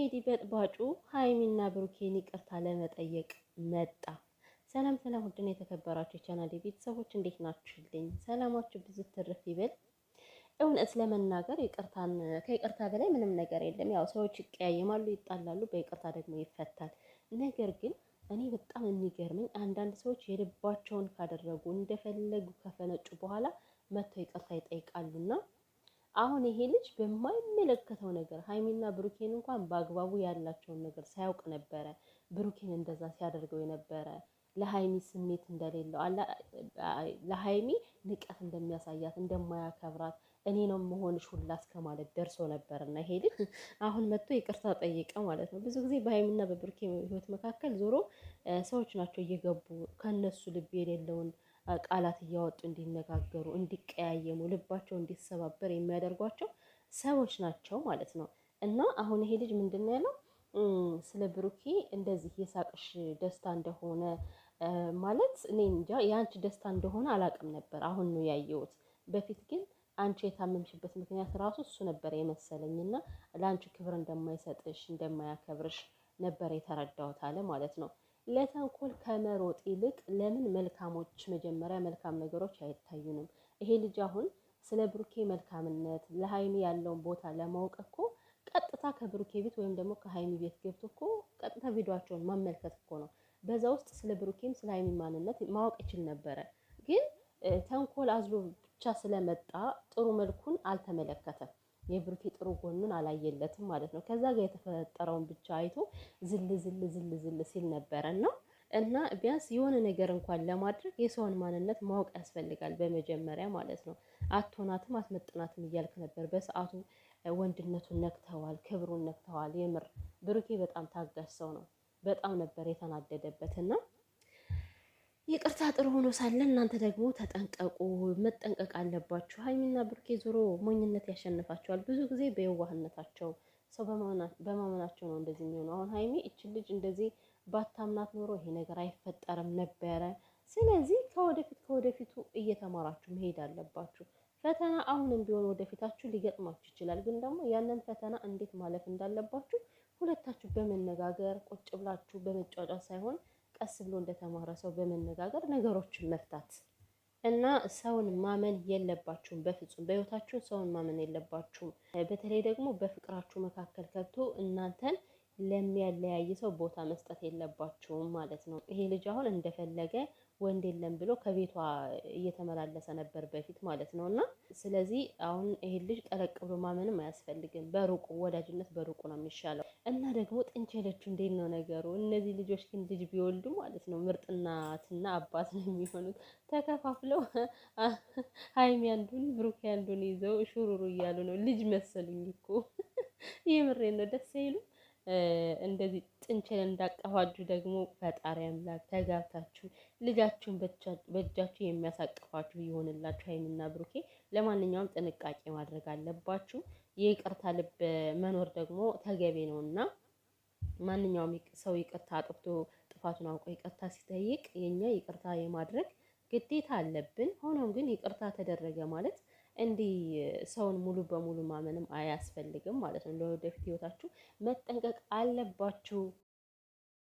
እንግዲህ በጥባጩ ሀይሚና ብሩኬን ይቅርታ ለመጠየቅ መጣ። ሰላም ሰላም፣ ውድና የተከበራችሁ የቻናል ቤተሰቦች እንዴት ናችሁልኝ? ሰላማችሁ ብዙ ትርፍ ይበል። እውነት ለመናገር ይቅርታን ከይቅርታ በላይ ምንም ነገር የለም። ያው ሰዎች ይቀያየማሉ፣ ይጣላሉ፣ በይቅርታ ደግሞ ይፈታል። ነገር ግን እኔ በጣም የሚገርመኝ አንዳንድ ሰዎች የልባቸውን ካደረጉ እንደፈለጉ ከፈነጩ በኋላ መጥተው ይቅርታ ይጠይቃሉና አሁን ይሄ ልጅ በማይመለከተው ነገር ሀይሚና ብሩኬን እንኳን በአግባቡ ያላቸውን ነገር ሳያውቅ ነበረ ብሩኬን እንደዛ ሲያደርገው የነበረ ለሀይሚ ስሜት እንደሌለው ለሀይሚ ንቀት እንደሚያሳያት እንደማያከብራት እኔ ነው መሆንሽ ሁላ እስከ ማለት ደርሶ ነበር እና ይሄ ልጅ አሁን መጥቶ ይቅርታ ጠየቀ ማለት ነው። ብዙ ጊዜ በሀይሚና በብሩኬ ሕይወት መካከል ዞሮ ሰዎች ናቸው እየገቡ ከነሱ ልብ የሌለውን ቃላት እያወጡ እንዲነጋገሩ፣ እንዲቀያየሙ፣ ልባቸው እንዲሰባበር የሚያደርጓቸው ሰዎች ናቸው ማለት ነው። እና አሁን ይሄ ልጅ ምንድን ነው ያለው? ስለ ብሩኬ እንደዚህ የሳቅሽ ደስታ እንደሆነ ማለት እኔ እንጃ የአንቺ ደስታ እንደሆነ አላቅም ነበር። አሁን ነው ያየሁት። በፊት ግን አንቺ የታመምሽበት ምክንያት ራሱ እሱ ነበር የመሰለኝ እና ለአንቺ ክብር እንደማይሰጥሽ እንደማያከብርሽ ነበር የተረዳሁት አለ ማለት ነው። ለተንኮል ከመሮጥ ይልቅ ለምን መልካሞች መጀመሪያ መልካም ነገሮች አይታዩንም? ይሄ ልጅ አሁን ስለ ብሩኬ መልካምነት ለሀይሚ ያለውን ቦታ ለማወቅ እኮ ቀጥታ ከብሩኬ ቤት ወይም ደግሞ ከሀይሚ ቤት ገብቶ እኮ ቀጥታ ቪዲዮቸውን ማመልከት እኮ ነው። በዛ ውስጥ ስለ ብሩኬም ስለ ሀይሚ ማንነት ማወቅ ይችል ነበረ። ግን ተንኮል አዝሎ ብቻ ስለመጣ ጥሩ መልኩን አልተመለከተም። የብሩኬ ጥሩ ጎኑን አላየለትም ማለት ነው። ከዛ ጋር የተፈጠረውን ብቻ አይቶ ዝል ዝል ዝል ዝል ሲል ነበረና እና ቢያንስ የሆነ ነገር እንኳን ለማድረግ የሰውን ማንነት ማወቅ ያስፈልጋል በመጀመሪያ ማለት ነው። አትሆናትም አትመጥናትም እያልክ ነበር በሰዓቱ። ወንድነቱን ነክተዋል፣ ክብሩን ነክተዋል። የምር ብሩኬ በጣም ታጋሽ ሰው ነው። በጣም ነበር የተናደደበት እና ይቅርታ ጥሩ ሆኖ ሳለ እናንተ ደግሞ ተጠንቀቁ፣ መጠንቀቅ አለባችሁ። ሀይሚና ብሩኬ ዞሮ ሞኝነት ያሸንፋቸዋል። ብዙ ጊዜ በየዋህነታቸው ሰው በማመናቸው ነው እንደዚህ የሚሆነው። አሁን ሀይሚ እችን ልጅ እንደዚህ ባታምናት ኖሮ ይሄ ነገር አይፈጠርም ነበረ። ስለዚህ ከወደፊት ከወደፊቱ እየተማራችሁ መሄድ አለባችሁ። ፈተና አሁንም ቢሆን ወደፊታችሁ ሊገጥማችሁ ይችላል። ግን ደግሞ ያንን ፈተና እንዴት ማለፍ እንዳለባችሁ ሁለታችሁ በመነጋገር ቁጭ ብላችሁ በመጫጫ ሳይሆን ቀስ ብሎ እንደተማረ ሰው በመነጋገር ነገሮችን መፍታት እና ሰውን ማመን የለባችሁም። በፍጹም በህይወታችሁ ሰውን ማመን የለባችሁም። በተለይ ደግሞ በፍቅራችሁ መካከል ገብቶ እናንተን ለሚያለያይ ሰው ቦታ መስጠት የለባቸውም ማለት ነው። ይሄ ልጅ አሁን እንደፈለገ ወንድ የለም ብሎ ከቤቷ እየተመላለሰ ነበር በፊት ማለት ነው። እና ስለዚህ አሁን ይሄን ልጅ ጠለቅ ብሎ ማመንም አያስፈልግም። በሩቁ ወዳጅነት በሩቁ ነው የሚሻለው። እና ደግሞ ጥንቸለቹ እንዴት ነው ነገሩ? እነዚህ ልጆች ግን ልጅ ቢወልዱ ማለት ነው ምርጥ እናትና አባት ነው የሚሆኑት። ተከፋፍለው ሀይሚ ያንዱን ብሩክ ያንዱን ይዘው ሹሩሩ እያሉ ነው። ልጅ መሰሉኝ እኮ የምሬን ነው። ደስ አይሉም። እንደዚህ ጥንችል እንዳቀፋችሁ ደግሞ ፈጣሪ አምላክ ተጋብታችሁ ልጃችሁን በእጃችሁ የሚያሳቅፋችሁ ይሆንላችሁ። ሀይሚና ብሩኬ፣ ለማንኛውም ጥንቃቄ ማድረግ አለባችሁ። የይቅርታ ልብ መኖር ደግሞ ተገቢ ነው እና ማንኛውም ሰው ይቅርታ አጥፍቶ ጥፋቱን አውቆ ይቅርታ ሲጠይቅ የኛ ይቅርታ የማድረግ ግዴታ አለብን። ሆኖም ግን ይቅርታ ተደረገ ማለት እንዲህ ሰውን ሙሉ በሙሉ ማመንም አያስፈልግም ማለት ነው። ለወደፊት ህይወታችሁ መጠንቀቅ አለባችሁ